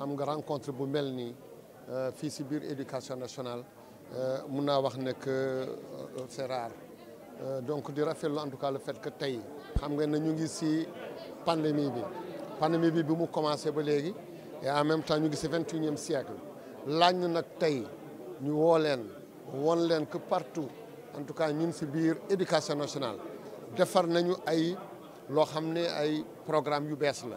xam nga rencontre bu mel nii euh, fii si biir éducation nationale euh, mun naa wax ne que euh, c'est rare donc di rafetlu en tout cas le fait que tey xam nga ne ñu ngi si pandémie bi pandémie bi bi mu commencé ba léegi et en même temps ñu ngi si vingt et unième siècle laaj na nag tey ñu woo leen won leen que partout en tout cas ñun si biir éducation nationale defar nañu ay loo xam ne ay programme yu bees la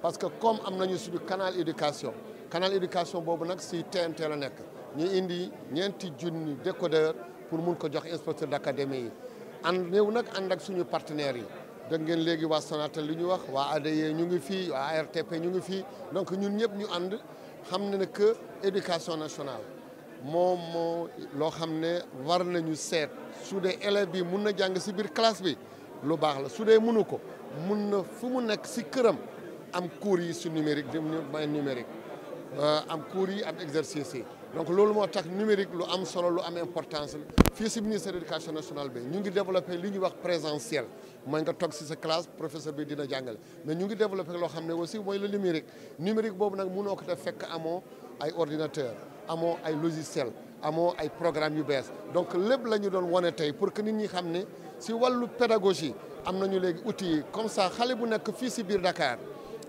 parce que comme am nañu suñu canal éducation canal éducation boobu nag si TNT la nekk ñu indi ñeenti junni décodeur pour mun ko jox inspecteur d' académie yi ànd ñëw nag ànd ak suñu partenaire yi dégg ngeen léegi waa Sonatel li ñu wax waa ADE ñu ngi fii waa ARTP ñu ngi fii donc ñun ñëpp ñu ànd xam na nag que éducation nationale moom moo loo xam ne war nañu seet su dee élève bi mun na jàng si biir classe bi lu baax la su dee mënu ko mun na fu mu nekk si këram am cours yi su numérique dem numérique euh, am cours yi am exercice yi donc loolu moo numérique lu am solo lu am importance fi ci ministère de l'éducation nationale bi ñu ngi développer li ñu wax présentiel mooy nga tok ci sa classe professeur bi dina jàngale mais ñu ngi développer lo xamné aussi moy le numérique numérique bobu nak mëno ko def fekk amo ay ordinateur amo ay logiciel amo ay programme yu bees donc lepp lañu doon woné tay pour que nit ñi xamné ne si wàllu pédagogie amna ñu légui outils comme ça xalé bu nek fi ci biir Dakar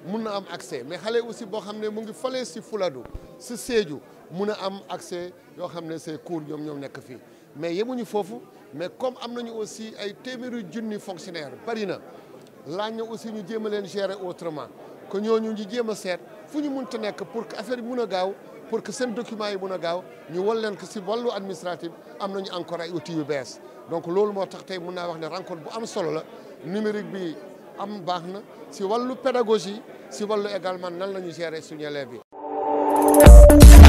mun na am accès mais xale aussi boo xam ne mu ngi fale si Fuladu si Sédhiou mun a am accès yoo xam ne c'est cours ñoom ñoom nekk fii mais yemuñu foofu mais comme am nañu aussi ay téeméeri junni fonctionnaire bari na laaj na aussi ñu jéem a leen gérer autrement que ñooñu ñu jéem a seet fu ñu mënta nekk pour que affaire yi mun a gaaw pour que seen documents yi mun a gaaw ñu wal leen si wàllu administratif am nañu encore ay outils yu bees donc loolu moo tax tey mun naa wax ne rencontre bu am solo la numérique bi. am baax na si wàllu pédagogie si wàllu également nan la ñu gérer suñu élèves yi